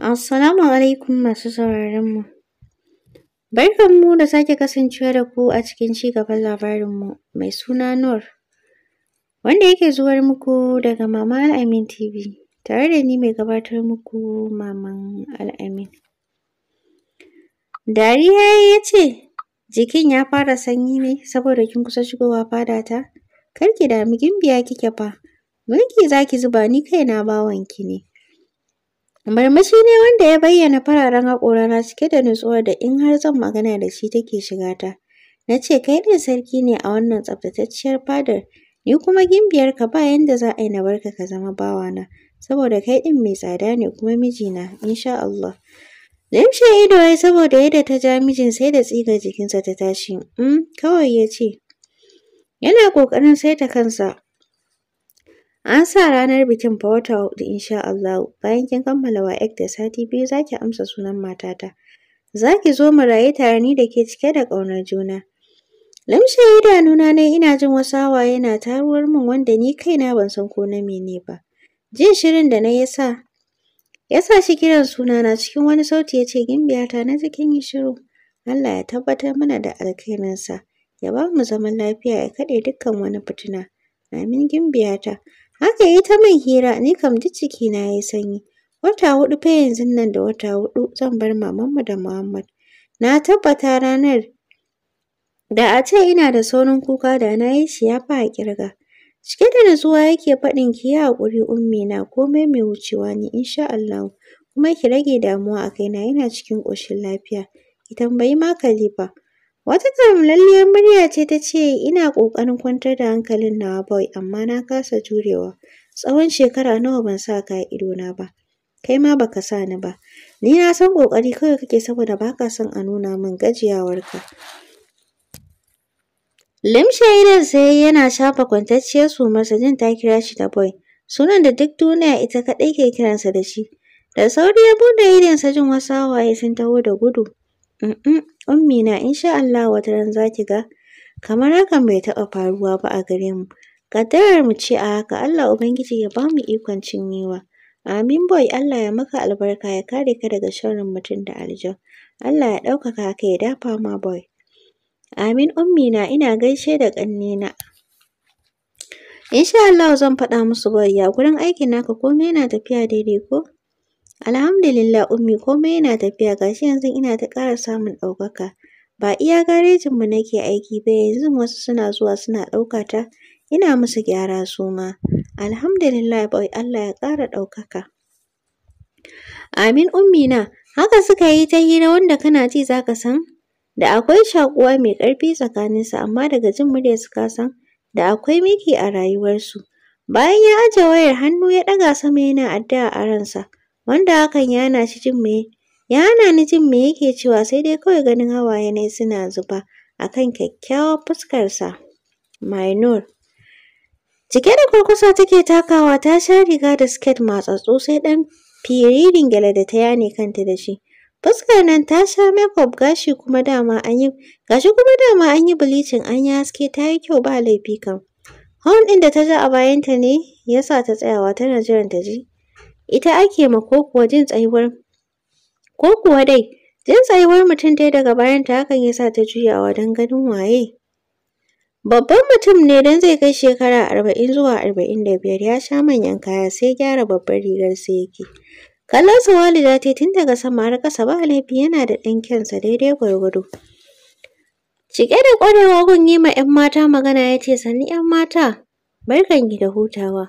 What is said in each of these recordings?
Assalamu alaikum masu sauraronmu. Barkanmu da sake kasancewa da ku a cikin cigaban labarinmu mai suna Nur, wanda yake zuwar muku daga Mama Al'amin TV, tare da ni mai gabatar muku Maman Al'amin. Dariya ya ce, jikin ya fara sanyi ne saboda kin kusa shigowa fadata, kar ki dami, gimbiya kike fa, mulki za ki zuba ni kaina bawanki ne. Marmashi ne wanda ya bayyana fararen na cike da nutsuwa da in har zan magana da shi take shiga ta. Na ce kai ne sarki ne a wannan tsaftatacciyar fadar, ni kuma ka ba yanda za a yi na barka ka zama bawana, saboda kai ɗin mai tsada ne kuma mijina, insha Allah. Limshe ido ya saboda yadda ta ja mijin sai da tsigar jikinsa ta tashi, um, kawai ya ce. Yana ƙoƙarin saita kansa, An sa ranar bikin fa wata huɗu insha Allahu. Bayan kin kammala ek da sati biyu za ki amsa sunan matata. Za ki zo mu rayu tare ni da ke cike da ƙaunar juna. Lamshe idanuna ne ina jin wasu hawaye na taruwar mun wanda ni kaina ban san ko na mene ba. Jin shirin da na yi sa ya sa shi kiran suna na cikin wani sauti ya ce gimbiyata na ji kin yi shiru. Allah ya tabbatar mana da alkhairinsa. Ya ba mu zaman lafiya ya kaɗe dukkan wani fitina. Amin gimbiyata. Haka yi ta mai hira, ni kam duk jikina ya yi sanyi. Wata huɗu fa yanzun nan da wata huɗu zan bar mamanmu da Muhammad. Na tabbata ranar da a ce ina da saurin kuka da na yi shi ya fi a ƙirga. Cike da natsuwa yake faɗin ki yi haƙuri ummi na komai mai wucewa ne insha Allahu. Kuma ki rage damuwa a kaina yana cikin ƙoshin lafiya. Ki tambayi ma Khalifa. Wata lalliyar murya ce ta ce, Ina ƙoƙarin kwantar da hankalin nawa boy, amma na kasa jurewa. Tsawon shekara nawa ban sa ka na ba. Kai ma baka sa ni ba. Ni na san ƙoƙari kawai kake saboda baka son a nuna min gajiyawarka. Limshe idan sai yana shafa kwantacciyar sumarsa jin ta kira shi da boy. Sunan da duk duniya ita kaɗai ke kiransa da shi. Da sauri ya buɗe idonsa jin wasu hawaye sun taho da gudu. Um Ummina insha Allah ran za ki ga kamar hakan bai taɓa faruwa ba a gare mu. Kaddarar mu ce a haka Allah Ubangiji ya ba mu ikon cin cinyewa. Amin boy Allah ya maka albarka ya kare ka daga sharrin mutum da aljan. Allah ya ɗaukaka ka ya dafa ma boy. Amin ummina ina gaishe da ƙannena. Insha Allah zan faɗa musu boy ya gurin aikin naka komai yana tafiya daidai ko? Alhamdulillah Ummi komai yana tafiya gashi yanzu ina ta ƙara samun ɗaukaka. Ba iya garejin mu nake aiki ba yanzu wasu suna zuwa suna ɗauka ta ina musu gyara su ma. Alhamdulillah boy Allah ya ƙara ɗaukaka. Amin Ummi na haka suka yi ta hira wanda kana ji za ka san da akwai shakuwa mai ƙarfi tsakaninsu amma daga jin su ka san da akwai miki a rayuwarsu. Bayan ya aje wayar hannu ya ɗaga sama yana addu'a a ransa. wanda hakan ya hana shi jin me ya hana ni jin me yake cewa sai dai kawai ganin hawaye ne suna zuba a kan kyakkyawar fuskarsa. Mainur. Cike da kurkusa take takawa ta sha riga da siket matsatsu sai ɗan firirin gyale da ta yane kanta da shi. Fuskar nan ta sha makeup gashi kuma dama an yi gashi kuma dama an yi bleaching an yi haske ta yi kyau ba laifi kam. Horn ɗin da ta ji a bayanta ne ya sa ta tsayawa tana jiran ta ji ita ake ma ko kuwa jin tsayuwar ko kuwa dai jin tsayuwar mutum dai daga bayanta hakan ya sa ta juyawa don ganin waye. Babban mutum ne don zai kai shekara arba'in zuwa arba'in da biyar ya sha manyan kaya sai gyara babbar rigar sai yake. Kallon sa walida ta tun daga sama har ƙasa ba laifi yana da ɗan kyansa daidai gwargwado. Cike da ƙwarewa gun yi ma ‘yan mata magana ya ce sannu ‘yan mata barkan ki da hutawa.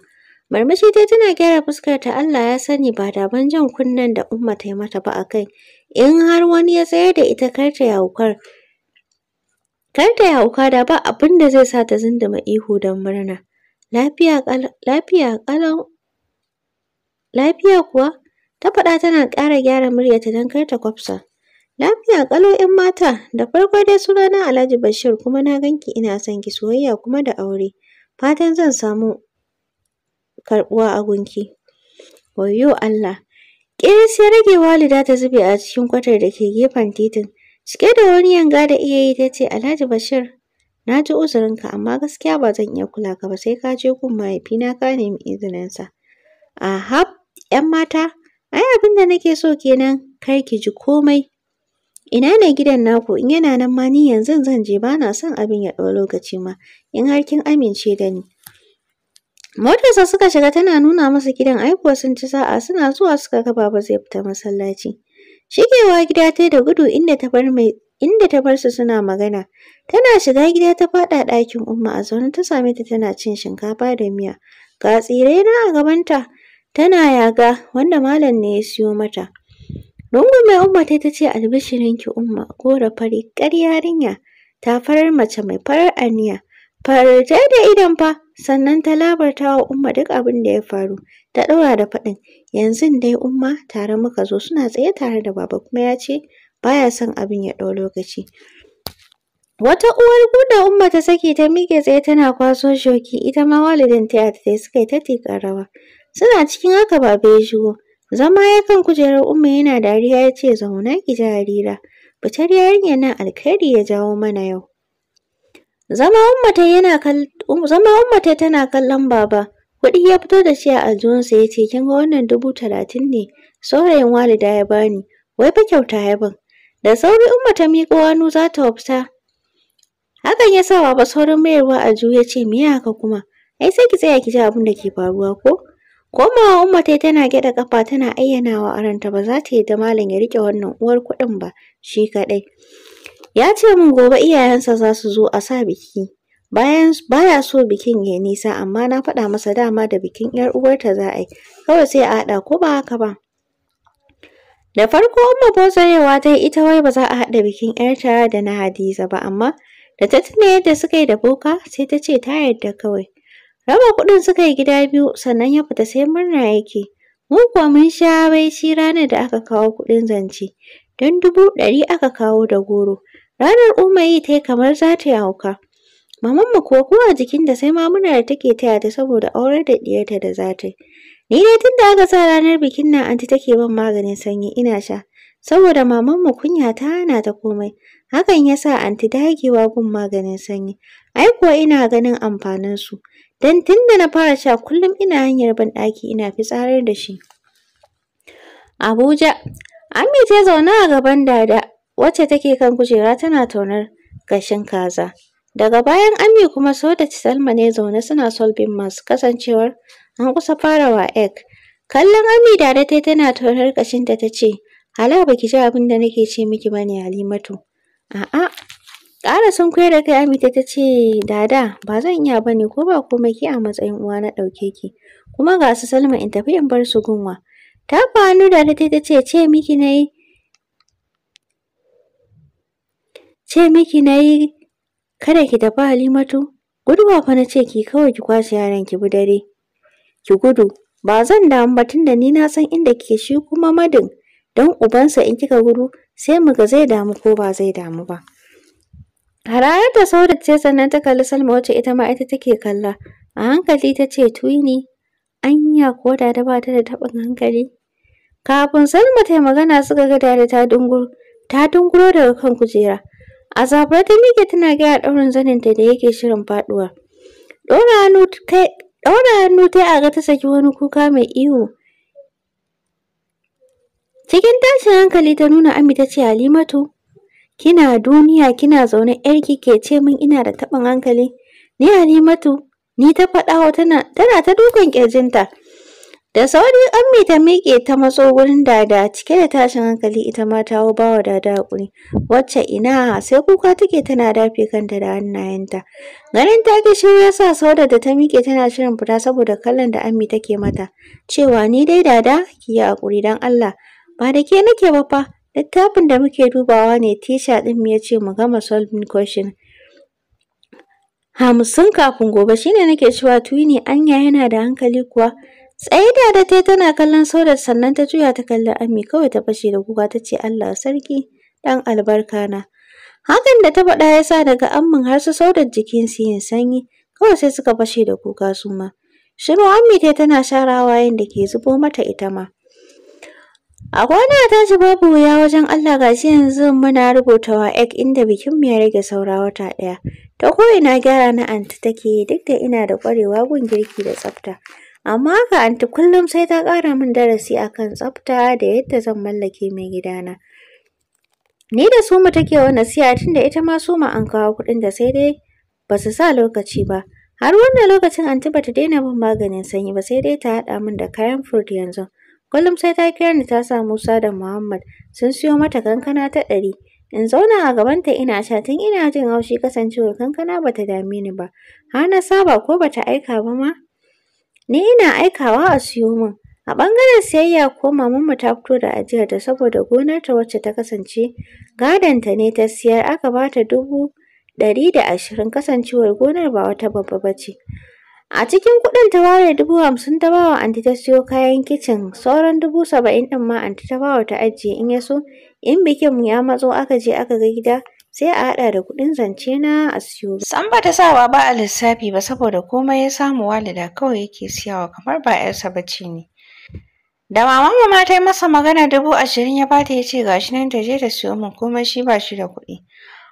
Marmaci dai tana gyara fuskar ta Allah ya sani ba da ban jan kunnen da Umma ta yi mata ba a kai. In har wani ya tsayar da ita kar ta yaukar. Kar ta yauka da ba abin da zai sa ta zinduma ihu don murna. Lafiya lafiya lafiya kuwa ta faɗa tana ƙara gyara muryarta don kar ta kwafsa. Lafiya ƙalo ‘yan mata, da farko dai sunana Alhaji Bashir kuma na ganki ina son ki soyayya kuma da aure. Fatan zan samu karɓuwa a gunki. Wayyo Allah! Ƙiris ya rage walida ta zube a cikin kwatar da ke gefen titin. Cike da wani yanga da iya yi ta ce, Alhaji Bashir, na ji uzurinka amma gaskiya ba zan iya kula ka ba sai ka je gun mahaifina ka nemi izininsa. Ahab, ‘yan mata, ai abin da nake so kenan kar ki ji komai. Ina ne gidan naku in yana nan ma ni yanzu zan je ba na son abin ya ɗau lokaci ma in har kin amince da ni. Motarsa suka shiga tana nuna masa gidan ai kuwa sun ci sa'a suna zuwa suka ga baba zai fita masallaci. Shigewa gida ta da gudu inda ta bar su suna magana. Tana shiga gida ta faɗa ɗakin Umma a zaune ta same ta tana cin shinkafa da miya. Ga tsirai na a gabanta tana yaga wanda malam ne ya siyo mata. Rungume Umma ta ta ce albishirinki Umma ko da ƙar yarinya ta farar mace mai farar aniya. Fararta da idon fa, sannan ta labarta wa Umma duk abin da ya faru. Ta ɗaura da faɗin, yanzu dai Umma tare muka zo suna tsaye tare da Baba kuma ya ce baya son abin ya ɗau lokaci. Wata uwar guda Umma ta saki ta miƙe tsaye tana kwaso shoki, ita ma walidin ta yi suka yi ta tiƙar rawa. Suna cikin haka Baba ya shigo. Zama ya kan kujerar Umma yana dariya ya ce zauna ki jarira. fitar yarinyar nan alkhairi ya jawo mana yau. Zama ummata tana kallon baba. Kuɗi ya fito da shi a aljihunsa ya ce, Kin ga wannan dubu talatin ne, saurayin walida ya bani, wai fa kyauta ya ban. Da sauri ummata ta miƙo hannu za ta wafta. Hakan ya sa baba saurin mayarwa a ya ce, Me haka kuma? Ai sai ki tsaya ki ji abin da ke faruwa ko? Komawa umma tana gyaɗa kafa, tana ayyanawa a ranta ba za ta yi da malam ya rike wannan uwar kuɗin ba shi kaɗai. Ya ce min gobe iyayensa za su zo a sa biki. Bayan baya so bikin ya nisa amma na faɗa masa dama da bikin 'yar uwarta za a yi. Kawai sai a haɗa ko ba haka ba. Da farko Umma Bozarewa ta yi ita wai ba za a haɗa bikin 'yarta da na Hadiza ba amma da ta tuna yadda suka yi da boka sai ta ce ta yarda kawai. Raba kuɗin suka yi gida biyu sannan ya fita sai murna yake. Mu kuwa mun sha bai shi ranar da aka kawo kuɗin zance. Don dubu ɗari aka kawo da goro. Ranar umayi yi ta yi kamar za ta yi hauka. Mamanmu kuwa ko a jikinta sai ma muna da take taya ta saboda aurar da ɗiyarta da za ta yi. Ni dai tun da aka sa ranar bikin nan anti take ban maganin sanyi ina sha. Saboda mamanmu kunya ta hana ta komai. Hakan ya sa anti dagewa gun maganin sanyi. Ai kuwa ina ganin amfaninsu. Don tun da na fara sha kullum ina hanyar banɗaki ɗaki ina fitsarar da shi. Abuja. Ami ta zauna a gaban dada wacce take kan kujera tana taunar gashin kaza. Daga bayan Ami kuma Soda Salma ne zaune suna solbin masu kasancewar an kusa farawa egg. Kallon Ami da da tana taunar gashinta ta ce, Hala ba ki ji abin da nake ce miki ba ne Halimatu. A'a, ƙara sun koyar da kai Ami ta ce, Dada, ba zan iya ba ne ko ba komai ki a matsayin uwa na ɗauke ki. Kuma ga su Salma in tafi in bar su gunwa. Ta fa hannu da ta ce, ce miki na ce miki na yi kada ki tafi halimatu guduwa fa na ce ki kawai ki kwashe yaran ki bi dare ki gudu ba zan damu ba tunda ni na san inda kike shi kuma madin don ubansa in kika gudu sai mu ga zai damu ko ba zai damu ba harayar ta saurat ce sannan ta kalli salma wacce ita ma ita take kalla a hankali ta ce tuni, anya ko da da ba ta da taɓin hankali kafin salma ta yi magana suka ga dare ta ta dunguro daga kan kujera A zabar ta miƙe tana gyara ɗaurin zaninta da yake shirin faɗuwa. Ɗora hannu ta yi ta a ga ta saki wani kuka mai ihu. Cikin tashin hankali ta nuna Ami ta ce Halimatu, kina duniya kina zaune yarki ke ce min ina da taɓin hankali. Ni Halimatu, ni ta faɗawa tana ta dukan ƙirjinta. Da sauri ammi ta miƙe ta matso wurin Dada cike da tashin hankali ita ma ta ba wa Dada hakuri. Wacce ina sai kuka take tana dafe kanta da hannayenta. Ganin ta ki shiru ya sa Sauda da ta miƙe tana shirin fita saboda kallon da ammi take mata. Cewa ni dai Dada ki yi hakuri don Allah. Ba da ke nake ba fa. Littafin da muke dubawa ne tisha ɗin mu ya ce mu gama solving question. Hamsin kafin gobe shine nake cewa tuni anya yana da hankali kuwa. Tsaye da da ta tana kallon sodar sannan ta juya ta kalli Ami kawai ta fashe da kuka ta ce Allah sarki Dan albarka na. Hakan da ta faɗa ya sa daga ammin har su saudar su yin sanyi kawai sai suka fashe da kuka su ma. Shi ma Ammi ta tana share wayan da ke zubo mata ita ma. A kwana ta ci babu wuya wajen Allah ga shi yanzu muna rubutawa ek inda bikin mu ya rage saura wata ɗaya. Ta ina gyara na anti take duk da ina da ƙwarewa gun girki da tsafta. Amma haka anti kullum sai ta ƙara min darasi akan tsafta da yadda zan mallake mai gidana. Ni da mu take wa nasiha tunda ita ma Suma an kawo kuɗin da sai dai ba su sa lokaci ba. Har wannan lokacin anti ba ta daina bin maganin sanyi ba sai dai ta haɗa min da kayan furt yanzu. Kullum sai ta kira ni ta sa Musa da Muhammad sun siyo mata kankana ta ɗari. In zauna a gabanta ina sha tun ina jin haushi kasancewar kankana bata dame ni ba. Har na saba ko bata aika ba ma Ni ina aikawa a siyo min. A ɓangaren siyayya kuwa mu ta fito da ajiyarta saboda gonarta wacce ta kasance gadonta ne ta siyar aka ba ta dubu ɗari da ashirin kasancewar gonar ba wata babba ba ce. A cikin kuɗin ta ware dubu hamsin ta ba wa anti ta siyo kayan kicin sauran dubu saba'in ɗin ma anti ta ba ta ajiye in ya so in bikinmu ya matso aka je aka ga gida sai a haɗa da kuɗin zance na a siyo. San ba ta sawa ba a lissafi ba saboda komai ya samu walida kawai yake siyawa kamar ba 'yarsa ba ce ne. Da maman ma ta yi masa magana dubu ashirin ya bata ya ce shi nan ta je ta siyo min komai shi ba shi da kuɗi.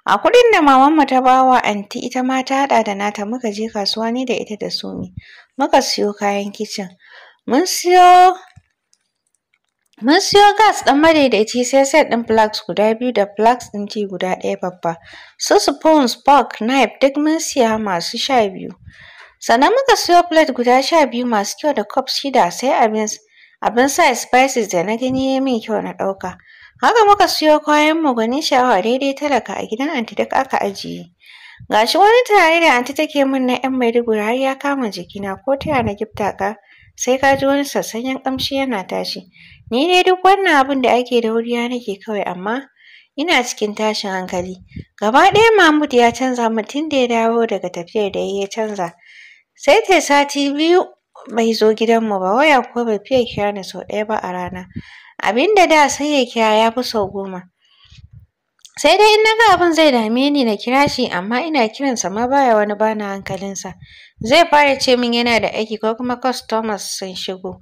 A kuɗin da maman ta ta wa anti ita ma ta haɗa da nata muka je kasuwa ni da ita da Sumi. Muka siyo kayan kicin. Mun siyo Mun siyo gas ɗan madaidaici sai set ɗin flask guda biyu da flask ɗin ci guda ɗaya babba. Su spoon, fork, knife duk mun siya masu sha biyu. Sannan muka siyo plate guda sha biyu masu kyau da cup shida sai abin abin sa spices da na gani ya min kyau na ɗauka. Haka muka siyo kayan mu gwanin sha'awa daidai talaka a gidan anti duk aka ajiye. Gashi wani tunani da anti take min na 'yan Maiduguri har ya kama jikina ko taya na gifta ka sai ka ji wani sassanyen ƙamshi yana tashi. Ni dai duk wannan abin da ake da wuriya nake kawai amma ina cikin tashin hankali. Gaba ɗaya Mahmud ya canza min da ya dawo daga tafiyar da ya canza. Sai ta sati biyu bai zo gidanmu ba waya ko bai fiye kira ni sau ɗaya ba a rana. Abin da da sai ya kira ya fi sau goma. Sai dai in na ga abin zai dame ni na kira shi amma ina kiransa ma baya wani bana hankalinsa. Zai fara ce min yana da aiki ko kuma customers sun shigo.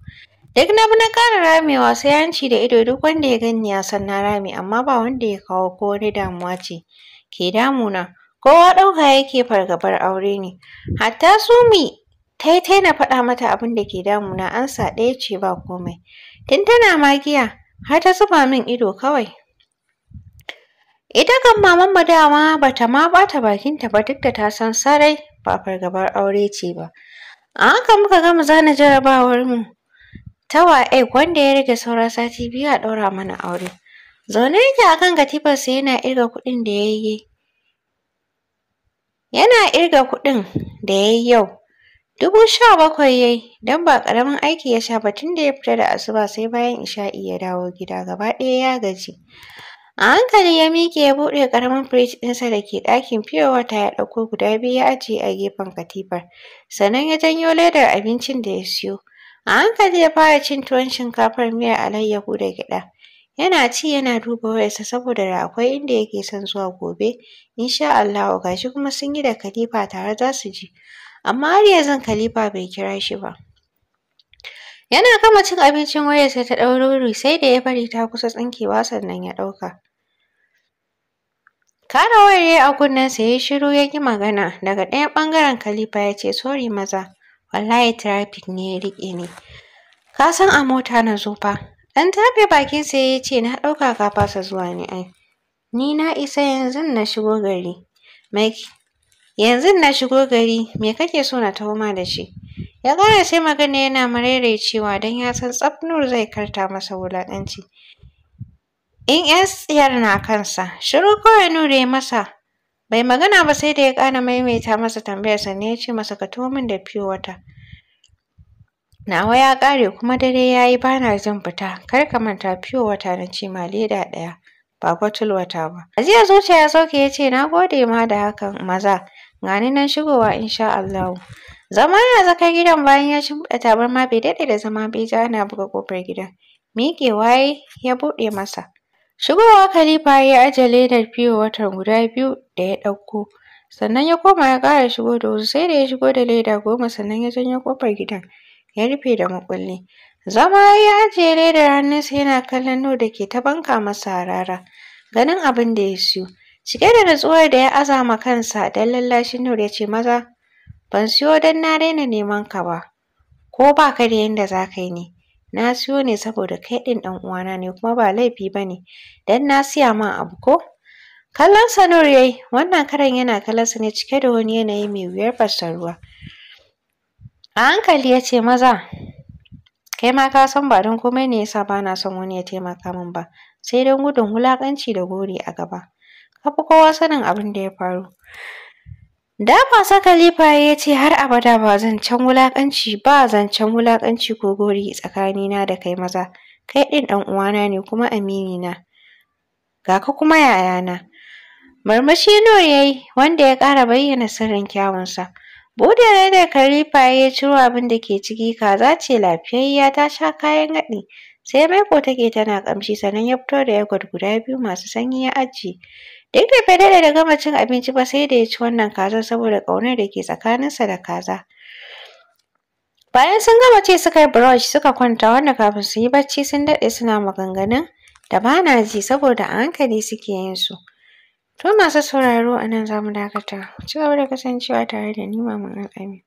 Duk na bi na ƙara ramewa sai hanci da ido duk wanda ya gani ya san na rame amma ba wanda ya kawo ko wani damuwa ce ke damuna. Kowa ɗauka yake fargabar aure ne. Hatta su Sumi tai na faɗa mata abin da ke damuna ansa ɗaya ce ba komai. Tun tana magiya har ta zuba min ido kawai Ita kan maman mu dama bata ma bata bakinta ba duk da ta san sarai ba fargabar aure ce ba. A haka muka gama zana jarabawar mu. Ta waye wanda ya rage saura sati biyu a ɗaura mana aure. Zaune yake akan katifarsa yana irga kuɗin da ya Yana irga kuɗin da ya yi yau. Dubu sha bakwai ya yi don ba ƙaramin aiki ya sha ba tun da ya fita da asuba sai bayan isha'i ya dawo gida gaba ɗaya ya gaji. A hankali ya miƙe ya buɗe ƙaramin firij ɗinsa da ke ɗakin fiyo wata ya ɗauko guda biyu ya ajiye a gefen katifar. Sannan ya janyo ledar abincin da ya siyo. A hankali ya fara cin tuwon shinkafar miyar alayyahu da gyaɗa. Yana ci yana duba wayarsa saboda da akwai inda yake son zuwa gobe. Insha Allahu gashi kuma sun yi da Khalifa tare za su je. Amma har yanzu Khalifa bai kira shi ba. Yana gama cin abincin wayarsa ta ɗaurori, sai da ya bari ta kusa tsinkewa sannan ya ɗauka. Kara wayar yayi a kunnensa yayi shiru ya ƙi magana. Daga ɗaya ɓangaren Khalifa ya ce sorry maza, wallahi traffic ne ya riƙe ni. Ka san a mota na zo fa. Ɗan tafe bakinsa ya ce na ɗauka ka fasa zuwa ne ai. Ni na isa yanzu na shigo gari. Mai yanzu na shigo gari me kake so na taho da shi? Ya ƙara sai magana yana cewa don ya san tsafnur zai karta masa wulaƙanci. in ‘yan tsiyar na kansa shiru kawai nure ya masa bai magana ba sai da ya ƙara maimaita masa tambayar ne ya ce masa ka tuwo min da fiyo wata nawa ya ƙare kuma dare ya yi bana jin fita kar ka manta fiyo wata na ce ma leda ɗaya ba bottle wata ba ajiya zuciya ya sauke ya ce na gode ma da hakan maza gani nan shigowa insha Allahu zama ya zaka gidan bayan ya shimfiɗa tabarma bai daɗe da zama bai ja ana buga kofar gidan miƙewa ya buɗe masa Shigowa Khalifa ya ajiye ledar fiyo watan guda biyu da ya ɗauko. Sannan ya koma ya ƙara shigo da wasu sai da ya shigo da leda goma sannan ya janyo ƙofar gidan ya rufe da makulli. Zama ya ajiye ledar hannunsa yana kallon nau da ke ta banka masa harara. Ganin abin da ya siyo. Cike da natsuwar da ya azama kansa don lallashin nau ya ce maza ban siyo don na daina neman ka ba. Ko ba ka da yanda za ka yi ne. na siyo ne saboda kai ɗin ɗan uwana ne kuma ba laifi ba ne don na siya ma abu ko kallon sa nur wannan karan yana kallon sa ne cike da wani yanayi mai wuyar ruwa a hankali ya ce maza kai ma ka san ba don komai ne yasa ba na son wani ya taimaka min ba sai don gudun wulaƙanci da gori a gaba ka fi kowa sanin abin da ya faru Da sa Khalifa ya ce har abada ba zancen wulakanci ba zancen wulakanci ko gori tsakanina da kai maza. Kai ɗin ɗan uwana ne kuma aminina. Ga ka kuma yayana. Marmashi Nur ya wanda ya kara bayyana sirrin kyawunsa. Bude ne da Khalifa ya ciro abin da ke ciki kaza ce lafiyayya ta sha kayan haɗi. Sai maiko take tana kamshi, sanan ya fito da yogurt guda biyu masu sanyi ya ajiye. Duk da bai daɗe da gama cin abinci ba sai da ya ci wannan kazar saboda ƙaunar da ke tsakaninsa da kaza. Bayan sun gama ce suka yi brush suka kwanta wanda kafin su yi bacci sun daɗe suna maganganun da ba na ji saboda a hankali suke yin su. To masu sauraro a nan za mu dakata. Ku gaba da kasancewa tare da ni Maman Al'amin.